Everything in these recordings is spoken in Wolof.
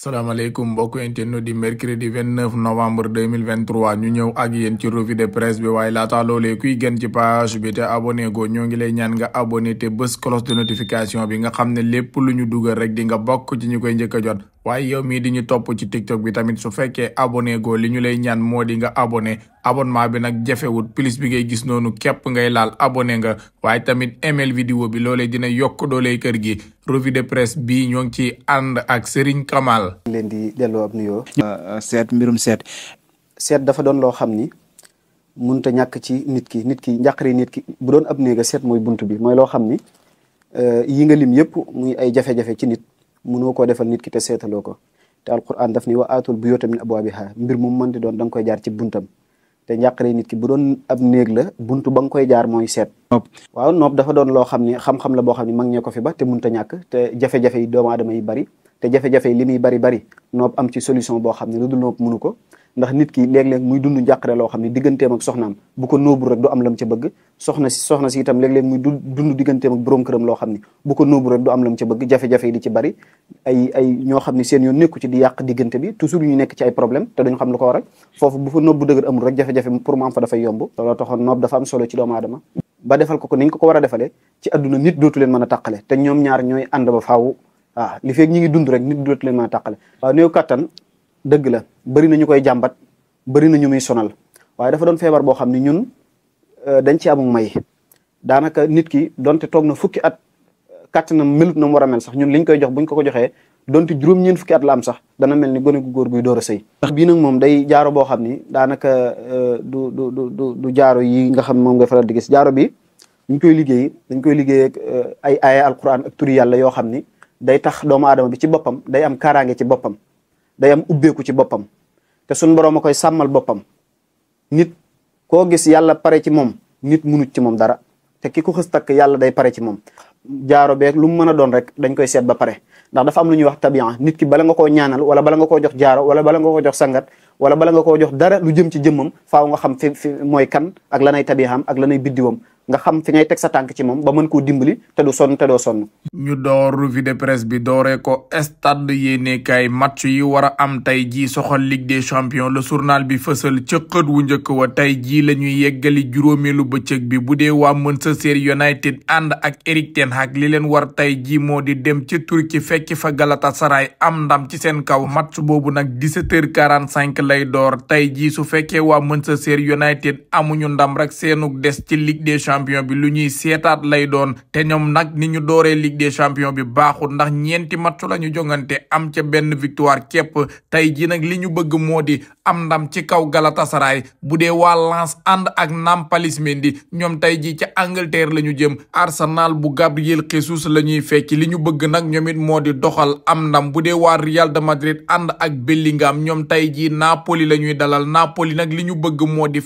salaamaaleykum mbokk internet di mercredi 29 novembre 2023 ñu ñëw ak yéen ci revue de presse bi waaye laata loolee kuy gën ci page bi te abonné go ñoo ngi lay ñaan nga abonné te bés cloche de notification bi nga xam ne lépp lu ñu dugal rek di bokk ci ñu koy njëkk jot waaye yow mii di topp ci tiktok bi tamit su fekkee abone goo li ñu lay ñaan moo di nga abonné abonnement bi nag jafewut plus bi ngay gis noonu képp ngay laal abone nga waaye tamit email vidéo bi loole dina yokk dooley kër gi revue de presse bi ñoo ngi ci ànd ak Serigne Kamal. leen di delloo ab euh, seet mbirum seet. seet dafa doon loo xam ni mënut a ci nit ki nit ki njàqare nit ki bu doon ab néega seet mooy bunt bi mooy loo xam ni euh, yi nga lim yëpp muy ay jafe-jafe ci nit. mënoo koo defal nit ki te seetaloo ko ta alquran daf ni wa aatul buyuuta min abwaabihaa mbir mu mën di doon da nga koy jaar ci buntam te njàqare nit ki bu doon ab néeg la buntu ba nga koy jaar mooy seet waaw noob dafa doon loo xam ne xam-xam la boo xam ne mag ñee ko fi ba te mënta ñàkk te jafe-jafe yi doomu aadama yi bari te jafe-jafe yi li muy bari bari noob am ci solution boo xam ne lu dul noob mënu ko ndax nit ki léeg-léeg muy dund njàqare loo xam ne digganteem ak soxnaam bu ko nóobul rek du am lam ca si soxna si itam léeg-léeg muy dund digganteem borom këram loo xam ne bu ko nóobul rek du am lam ca bëgg jafe-jafe yi di ci bari ay ay ñoo xam ne seen yoon nekku ci di yàq diggante bi toujours ñu nekk ci ay problème te duñ xam lu ko waral foofu bu fa noob bu dëgër amul rek jafe-jafe pour mu am fa dafay yomb looloo taxoon noob dafa am solo ci doomu aadama ba defal ko ko niñ ko ko war a defalee ci adduna nit dootuleen leen mën a tàqale te ñoom ñaar ñooy ànd ba faaw waaw li ñi ngi dund rek nit dootu leen mën a tàqale dëgg la bëri na ñu koy jàmbat bëri na ñu muy sonal waaye dafa doon feebar boo xam ne ñun euh, dañ ci amum may daanaka nit ki donte toog na fukki at kàttanam melut na war a mel sax ñun liñ koy jox buñ ko ko joxee donte juróom-ñeent fukki at la am sax dana mel ni gone gu góor guy door a sëy. ndax bii nag moom day jaaro boo xam ni daanaka euh, du du du du jaaro yi nga xam moom nga faral di gis jaaro bi ñu koy liggéey dañ koy liggéey ak euh, ay aaya alquran ak turi yoo xam ni day tax doomu aadama bi ci boppam day am nge ci boppam. day am ci boppam te suñ borom a koy sàmmal boppam nit koo gis yàlla pare ci moom nit munut ci moom dara te ki ko xës takk yàlla day pare ci moom jaaro beeg lu mu mën a doon rek dañ koy seet ba pare ndax dafa am lu ñuy wax tabian nit ki bala nga koo ñaanal wala bala nga koo jox jaaro wala bala nga ko jox sangat wala bala nga koo jox dara lu jëm ci jëmmam faaw nga xam fi fi mooy kan ak lanay tabiaam ak lanay biddiwam nga xam fi ngay teg sa tànk ci moom ba mën koo dimbali te du sonn te doo sonn. ñu door revue de presse bi dooree ko stade yéenekaay match yi war a am tey jii soxal ligue des champions le journal bi fësal ca wu njëkk wa tey jii la ñuy yeggali juróomeelu bëccëg bi bu dee waa mën Manchester United ànd ak Erik ten Hag li leen war tey jii moo di dem ca Turquie fekk fa Galatasaray am ndam ci seen kaw match boobu nag 17h45 lay door tey jii su fekkee waa Manchester United amuñu ndam rek seenug des ci ligue champions bi lu ñuy seetaat lay doon te ñoom nag ni ñu dooree ligue des champions bi baaxul ndax ñeenti match la ñu jongante am ca benn victoire képp tey ji nag li ñu bëgg moo di am ndam ci kaw Galatasaray bu dee waa Lens ànd ak Nampalys Mendy ñoom tey ji ca Angleterre la ñu jëm Arsenal bu Gabriel Jesus la ñuy fekki li ñu bëgg nag ñoom it moo di doxal am ndam bu dee waa Real de Madrid ànd ak Bellingham ñoom tey ji Napoli la ñuy dalal Napoli nag li ñu bëgg moo di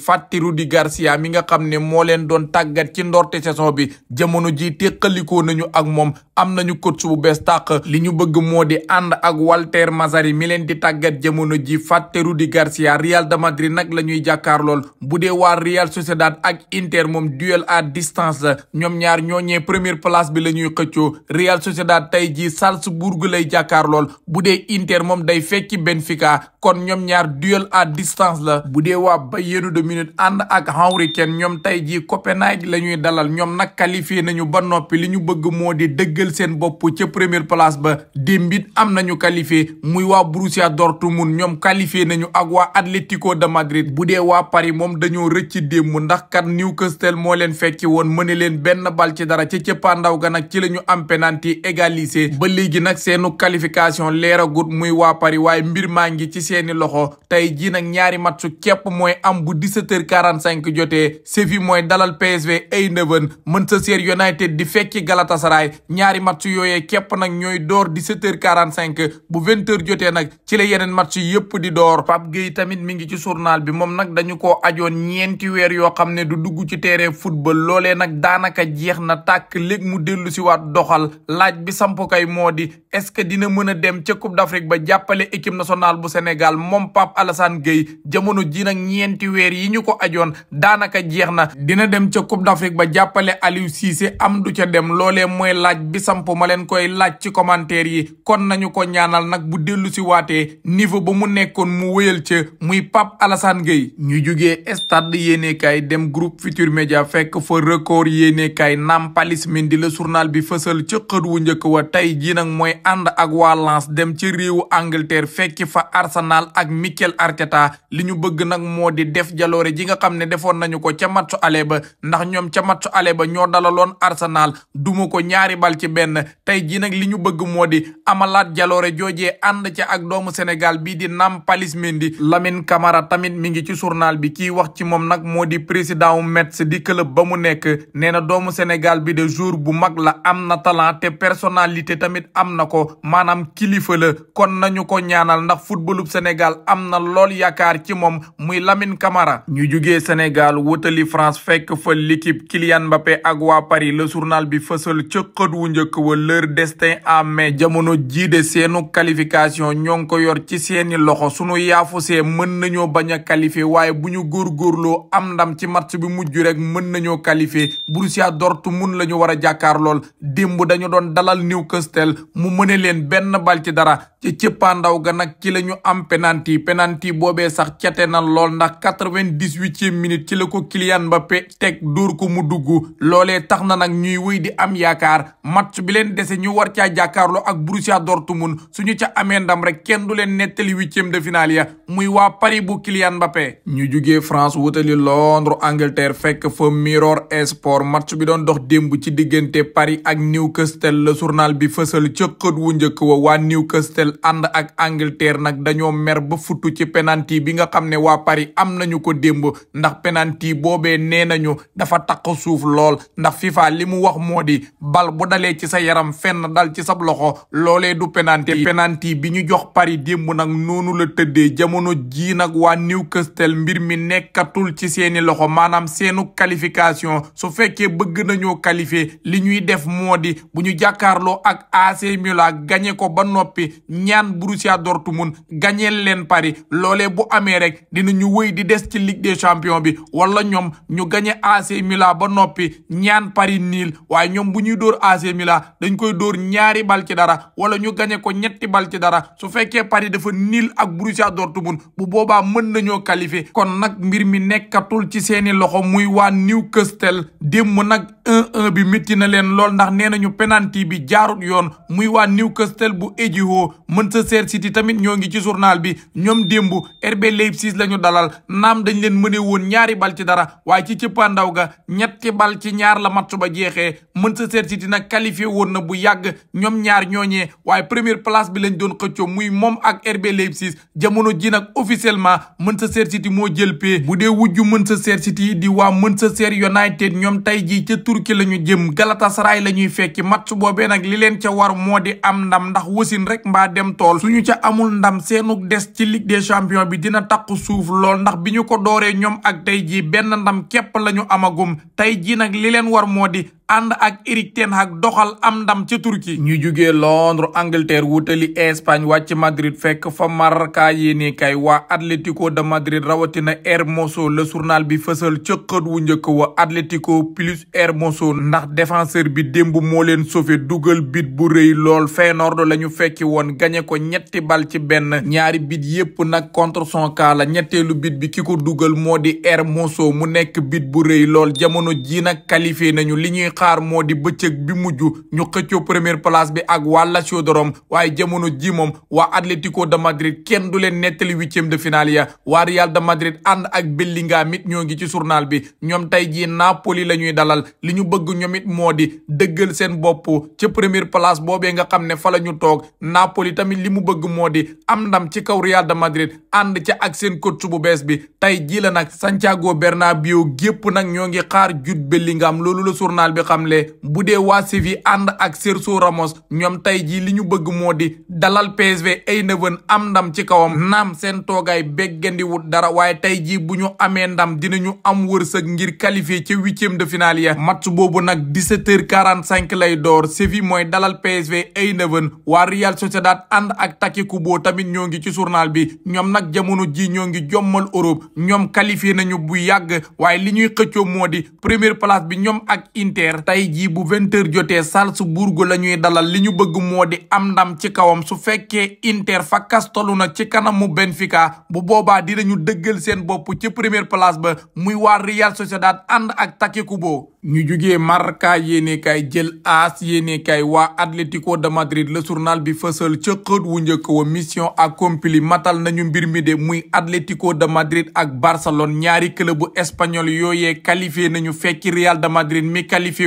tàggat ci ndorte saison bi jamono ji téqalikoo nañu ak moom am nañu coach bu bees tàq li ñu bëgg moo di ànd ak Walter Mazzarri mi leen di tàggat jamono ji fàtte Rudi Garcia Real de Madrid nag la ñuy jàkkaarlool bu dee waa Real Sociedad ak Inter moom duel à distance la ñoom ñaar ñooñee première place bi la ñuy xëccoo Real Sociedad tey jii Salzburg lay jàkkaarlool bu dee Inter moom day fekki Benfica kon ñoom ñaar duel à distance la bu dee waa Bayern de Munich ànd ak Henry ñoom tey jii Copenhague la ñuy dalal ñoom nag qualifié nañu ba noppi li ñu bëgg moo di dëggal seen bopp ca première place ba démb it am nañu qualifié muy waa Borussia mun ñoom qualifié nañu ak waa Atlético de Madrid bu dee waa pari moom dañoo rëcc démb ndax kan kat Newcastle moo leen fekki woon mëne leen benn bal ci dara ca ndaw ga nag ci la ñu am penalty égalisé ba léegi nag seenu qualification leeragut muy waa pari waaye mbir maa ngi ci seeni loxo tey jii nag ñaari match képp mooy am bu 17h45 jotee Séville yooyee Eindhoven Manchester United di fekki Galatasaray ñaari match yooyee képp nag ñooy door 17 h cinq bu 20h jotee nag ci la yeneen match yëpp di door Pape Gueye tamit mi ngi ci journal bi moom nag dañu ko ajoon ñeenti weer yoo xam ne du dugg ci terrain football loolee nag daanaka jeex na tàkk léeg mu dellu si waat doxal laaj bi samp kay moo di est-ce que dina mën a dem ca Coupe d'Afrique ba jàppale équipe nationale bu Sénégal moom Pape alasaan Gueye jamono ji nag ñeenti weer yi ñu ko ajoon d'Afrique ba jàppale Aliou Cissé am du ca dem loole mooy laaj bi samp ma leen koy laaj ci commentaire yi kon nañu ko ñaanal nag bu dellu si waatee niveau ba mu nekkoon mu wéyal ca muy Pape Alassane Gueye ñu jugee stade yéenekaay dem groupe future Média fekk fa record yéenekaay Nampalys Mendy la surnal bi fësal ci xët wu njëkk wa tey jii nag mooy ànd ak waa dem ci réewu Angleterre fekki fa Arsenal ak Mikel Arteta li ñu bëgg nag moo di def jaloore ji nga xam ne defoon nañu ko ca match aller ba ñoom ca match ale ba ñoo dalaloon Arsenal duma ko ñaari bal ci benn tey jii nag li ñu bëgg moo di amalaat jaloore jooje ànd ca ak doomu Sénégal bii di Nampalys mindi Lamine Camara tamit mi ngi ci journal bi kii wax ci moom nag moo di président wu Metz di club ba mu nekk nee na doomu Sénégal bi de jour bu mag la am na talent te personnalité tamit am na ko maanaam kilifa la kon nañu ko ñaanal ndax footballub Sénégal am na lool yaakaar ci moom muy lamin Camara ñu jugee Sénégal équipe Kylian Mbappé ak waa Paris le journal bi fësal ca xët wu njëkk wa leur destin en main jamono jii de seenu qualification ñoo ngi ko yor ci seeni loxo sunu yaafusee mën nañoo bañ a qualifié waaye bu ñu góor góorgóorloo am ndam ci match bi mujj rek mën nañoo qualifié Borussia Dortmund la ñu war a jàkkaar lool démb dañu doon dalal Newcastle mu mëne leen benn bal ci dara ci ndaw ga nag ci lañu ñu am penalty penalty boobe sax cete na lool ndax quatre-vingt-dix-huitième minute ci la ko mu dugg loolee tax na nag ñuy wéy di am yaakaar match bi leen dese ñu war caa jàkkaarloo ak Borussia Dortmund suñu ca amee ndam rek kenn du leen nettali huitième de finale muy waa Paris bu Kylian Mbappé. ñu jugee France wutali Londres Angleterre fekk fa Mirror Sport match bi doon dox démb ci diggante Paris ak Newcastle la surnal bi fësal ca xët wu njëkk wa waa Newcastle ànd ak Angleterre nag dañoo mer ba futu ci penalty bi nga xam ne waa Paris am nañu ko démb ndax penalty boobee nee nañu dafa taq suuf lool ndax FIFA li mu wax moo di bal bu dalee ci sa yaram fenn dal ci sab loxo loolee du penalty penalty bi ñu jox Paris démb nag noonu tëddee jamono ji nag waa Newcastle mbir mi nekkatul ci seeni loxo maanaam seenu qualification su fekkee bëgg nañoo qualifier li ñuy def moo di bu ñu jàkkaarloo ak AC Milan gagné ko ba noppi ñaan Borussia Dortmund gañeel leen pari loole bu amee rek dinañu wëy di des ci Ligue des Champions bi wala ñoom ñu gagné AC Milan ba noppi ñaan Paris niil waaye ñoom bu ñuy dóor AC Milan dañ koy dóor ñaari bal ci dara wala ñu gañe ko ñetti bal ci dara su fekkee Paris dafa niil ak Borussia Dortmund bu boobaa mën nañoo qualifié kon nag mbir mi nekkatul ci seeni loxo muy waa Newcastle démb nag 1-1 bi métti na leen lool ndax nee nañu penalty bi jaarut yoon muy waa Newcastle bu Ejiho Manchester City tamit ñoo ngi ci journal bi ñoom démb RB Leipzig la ñu dalal naam dañ leen mëne woon ñaari bal ci dara waaye ci ndaw ga ñetti bal ci ñaar la match ba jeexee Manchester City nag qualifié woon na bu yàgg ñoom ñaar ñooñee waaye première place bi lañ doon xëccoo muy moom ak RB Leipzig jamono ji nag officiellement Manchester City moo jël pee bu dee wujju Manchester City di waa Manchester United ñoom tey turki la ñu jëm galatasaray la ñuy fekki match boobee nag li leen ca war moo di am ndam ndax wasin rek mbaa dem tool suñu ca amul ndam seenug des ci ligue des champions bi dina takku suuf lool ndax bi ñu ko dooree ñoom ak tey jii benn ndam képp la ñu amagum tey jii nag li leen war moo di ànd ak Eric Ten Hag doxal am ndam ca Turquie ñu jugee Londres Angleterre wutali Espagne wàcc Madrid fekk fa Marca yéene kay waa Atlético de Madrid rawatina Hermoso la journal bi fësal ca wu njëkk wa Atlético plus Hermoso ndax défenseur bi démb moo leen sauvé dugal bit bu rëy lool Feyenoord la ñu fekki woon gañe ko ñetti bal ci benn ñaari bit yépp nag contre son cas la ñetteelu bit bi ki ko dugal moo di Hermoso mu nekk bit bu rëy lool jamono ji nag qualifié nañu li xaar moo di bëccëg bi mujj ñu xëccoo première place bi ak waa Lazio de waaye jamono ji moom waa Atlético de Madrid kenn du leen nettali huitième de finale ya waa Real de Madrid ànd ak Bellingham it ñoo ngi ci surnal bi ñoom tey jii Napoli la ñuy dalal li ñu bëgg ñoom it moo di dëggal seen bopp ca première boobee nga xam ne fa la ñu toog Napoli tamit li mu bëgg moo di am ndam ci kaw Real de Madrid ànd ca ak seen coach bu bees bi tey jii la nag Santiago Bernabéu gépp nag ñoo ngi xaar Jude Bellingham loolu la journal xamle bu dee waa Séville yi ànd ak Sergio mos ñoom tey jii li ñu bëgg moo di dalal PSV Eindhoven am ndam ci kawam naam seen toogaay beggandiwut dara waaye tey jii bu ñu amee ndam dina ñu am wërsëg ngir qualifier ci huitième de finale ya match boobu nag 17h45 lay door Séville mooy dalal PSV Eindhoven waa Real Sociedad ànd ak Taki bo tamit ñoo ngi ci surnal bi ñoom nag jamono ji ñoo ngi jommal Europe ñoom qualifié nañu bu yàgg waaye li bi ñoom ak Inter Angleterre tey jii bu vingt heures jotee Salzbourg la ñuy dalal li ñu bëgg moo di am ndam ci kawam su fekkee Inter fa kastolu na ci kanamu Benfica bu boobaa dinañu dëggal seen bopp ci première place ba muy waa Real Sociedad ànd ak Taki bo ñu jugee Marca yéene kay jël AS yéene kay waa Atlético de Madrid le journal bi fësal ca xët wu njëkk wa mission accomplie matal nañu mbir mi de muy Atlético de Madrid ak Barcelone ñaari club bu espagnol yooyee nañu fekki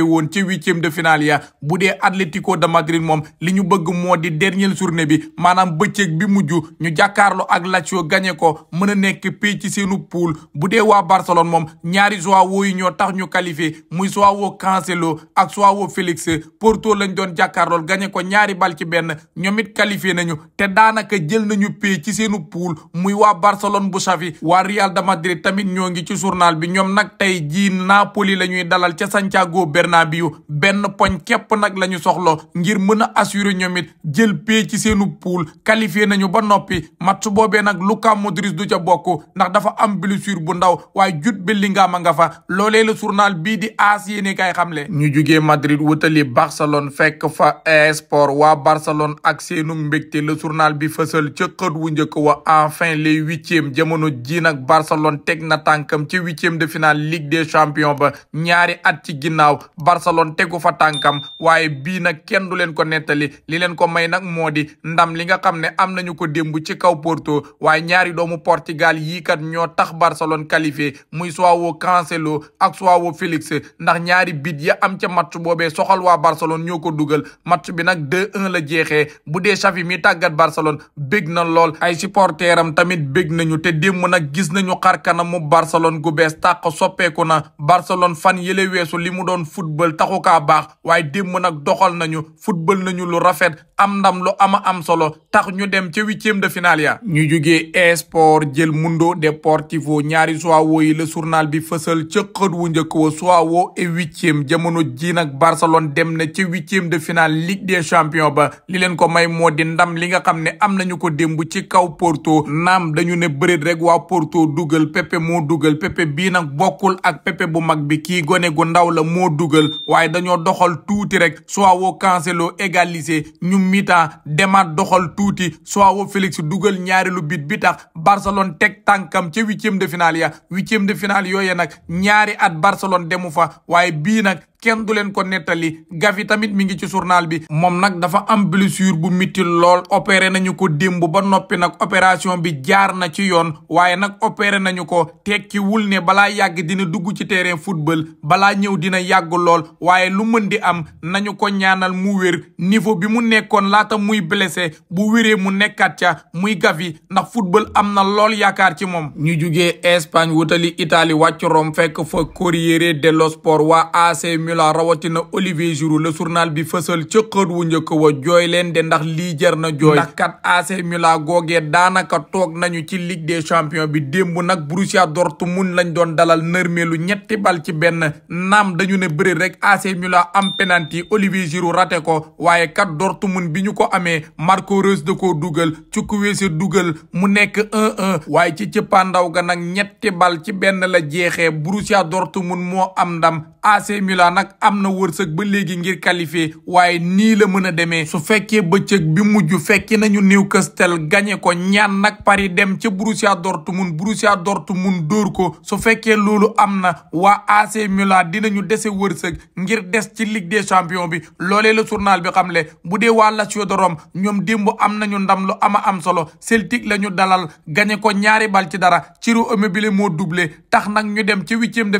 qualifié woon ci huitième de finale ya bu dee Atlético de Madrid moom li ñu bëgg moo di dernière journée bi maanaam bëccëg bi mujj ñu jàkkaarloo ak Lazio gagné ko mën a nekk pay ci seenu poule bu dee waa Barcelone moom ñaari Joao yi ñoo tax ñu qualifié muy Joao Cancelo ak Joao Félix Porto lañ doon jàkkaarlool gagné ko ñaari bal ci benn ñoom it qualifié nañu te daanaka jël nañu pay ci seenu poule muy waa Barcelone bu Xavi waa Real de Madrid tamit ñoo ngi bi ñoom nag tey jii Napoli la Bernabéu benn poñ képp nag la ñu soxla ngir mën a assurer ñoom it jël pee ci seenu poule qualifié nañu ba noppi mat boobee nag Luka Modric du ca bokk ndax dafa am blessure bu ndaw waaye Jude Bellingham a nga fa loolee la journal bii di AS yéene kay xamle. ñu jugee Madrid wutali Barcelone fekk fa e sport waa Barcelone ak seenu mbégte la journal bi fësal ca xët wu njëkk wa enfin les huitièmes jamono ji nag Barcelone teg na tànkam ci huitième de finale Ligue des champions ba ñaari at ci ginnaaw. Barcelone tegu fa tànkam waaye bii nag kenn du leen ko nettali li leen ko may nag moo di ndam li nga xam ne am nañu ko démb ci kaw Porto waaye ñaari doomu Portugal yii kat ñoo tax Barcelone qualifié muy Joao Cancelo ak Joao Félix ndax ñaari bit ya am ca match boobee soxal waa Barcelone ñoo ko dugal match bi nag 2-1 la jeexee bu dee Xavi mi tàggat Barcelone bég na lool ay supporteram tamit bég nañu te démb nag gis nañu xar kanamu Barcelone gu bees tàq soppeeku na football taxu kaa baax waaye démb nag doxal nañu football nañu lu rafet am ndam lu ama am solo tax ñu dem ca huitième de finale ya ñu jugee esport jël Mundo Deportivo ñaari João yi la journal bi fësal ca xët wu njëkk wa João et huitième jamono ji nag Barcelone dem na ci huitième de finale Ligue des champions ba li leen ko may moo di ndam li nga xam ne am nañu ko démb ci kaw Porto naam dañu ne bëreet rek waa Porto dugal Pepe mo dugal Pepe bii nag bokkul ak Pepe bu mag bi kii gone gu ndaw la moo dugal dugal waaye dañoo doxal tuuti rek Joao Cancelo égalisé ñu mitan demaat doxal tuuti Joao Félix dugal ñaareelu bit bi tax Barcelone teg tànkam ca huitième de finale ya huitième de finale yooye nag ñaari at Barcelone demu fa waaye bii kenn du leen ko nettali Gavi tamit mi ngi ci journal bi moom nag dafa am blessure bu mitti lool opéré nañu ko démb ba noppi nag opération bi jaar na ci yoon waaye nag opéré nañu ko tekki wul ne balaa yàgg dina dugg ci terrain football balaa ñëw dina yàgg lool waaye lu mën di am nañu ko ñaanal mu wér niveau bi mu nekkoon laata muy blessé bu wéree mu nekkaat ca muy Gavi ndax football am na lool yaakaar ci moom ñu jugee Espagne wutali itali wàcc Rome fekk fa Corriere Formula rawatina Olivier Giroud le journal bi fësal ca xët wu njëkk jooy leen ndax lii jar na jooy ndax kat AC daanaka toog nañu ci Ligue des bi démb nag Borussia Dortmund lañ doon dalal nërmeelu ñetti bal ci benn naam dañu ne bëri rek AC Milan am penalty Olivier Giroud raté ko waaye kat Dortmund bi ñu ko amee Marco Reus da koo dugal Chukwueze dugal mu nekk 1-1 waaye ci cëppaandaw ga nag ñetti bal ci benn la jeexee dortu Dortmund moo am ndam AC nag am na wërsëg ba léegi ngir qualifié waaye nii la mën a demee su fekkee bëccëg bi mujj fekki nañu Newcastle gagné ko ñaan nag Paris dem ca mun Dortmund Borussia Dortmund dóor ko su fekkee loolu am na waa AC dina ñu dese wërsëg ngir des ci Ligue des champions bi loolee la journal bi xamle bu dee waa Lazio de Rome ñoom démb am ñu ndam lu ama am solo Celtic lañu dalal gañe ko ñaari bal ci dara Ciro Immobile moo doublé tax nag ñu dem ci huitième de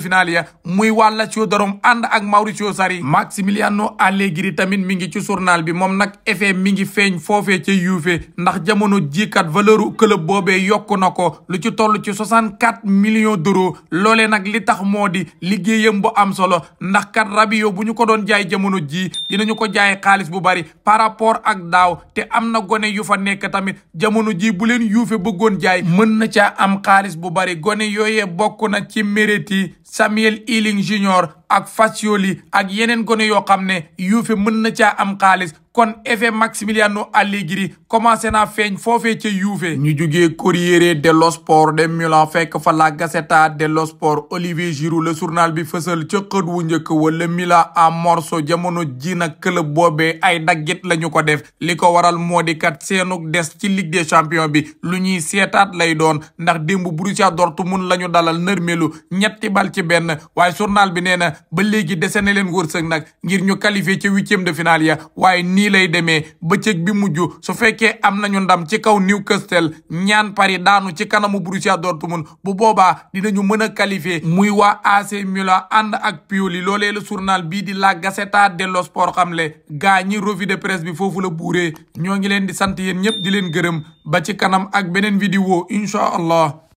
Mauricio Sarri Maximiliano Allegri tamit mi ngi ci journal bi moom nag effet mi ngi feeñ foofee ca Juve ndax jamono kat valeur club boobee yokku na ko lu ci toll ci soixante-quatre million d'euros loolee nag li tax moo di liggéeyam bu am solo ndax kat Rabiot bu ñu ko doon jaay jamono jii dinañu ko jaay xaalis bu bari par rapport ak daaw te am na gone yu fa nekk tamit jamono ji bu leen Juve bëggoon jaay mën na caa am xaalis bu bari gone yooyee bokk na ci mérite Samuel Iling Junior ak fas yooli ak yeneen gone yoo xam ne yuufe mën na caa am xaalis kon effet Maximiliano Allegri commencé na feeñ foofee ca Juve ñu jugee Corriere dello Sport de Milan fekk fa la Gazzetta dello Sport Olivier Giroud la journal bi fësal ca wu njëkk wala mila en morceaux jamono ji na club boobee ay daggit la ñu ko def li ko waral moo di kat seenuk des ci Ligue des Champions bi lu ñuy seetaat lay doon ndax démb Borussia Dortmund la ñu dalal nërmelu ñetti bal ci benn waaye journal bi nee na ba léegi dese na leen wërsëg nag ngir ñu qualifié ca huitième de nii lay ba bëccëg bi mujj su fekkee am nañu ndam ci kaw Newcastle ñaan Paris daanu ci kanamu Borussia Dortmund bu boobaa dinañu mën a qualifier muy waa AC Milan ànd ak Pioli loolee la journal bii di La Gazzetta dello Sport xamle gaa ñi revue de presse bi foofu la buuree ñoo ngi leen di sant yéen ñëpp di leen gërëm ba ci kanam ak beneen vidéo incha allah